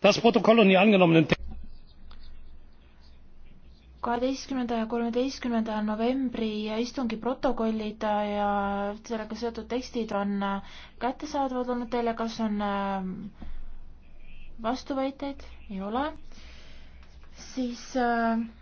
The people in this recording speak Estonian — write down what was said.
das protokoll und die angenommenen kaheteistkümnenda ja kolmeteistkümnenda novembri istungi protokollid äh, ja sellega seotud tekstid on äh, kättesaadavad olnud teile, kas on äh, vastuväiteid? ei ole. siis äh,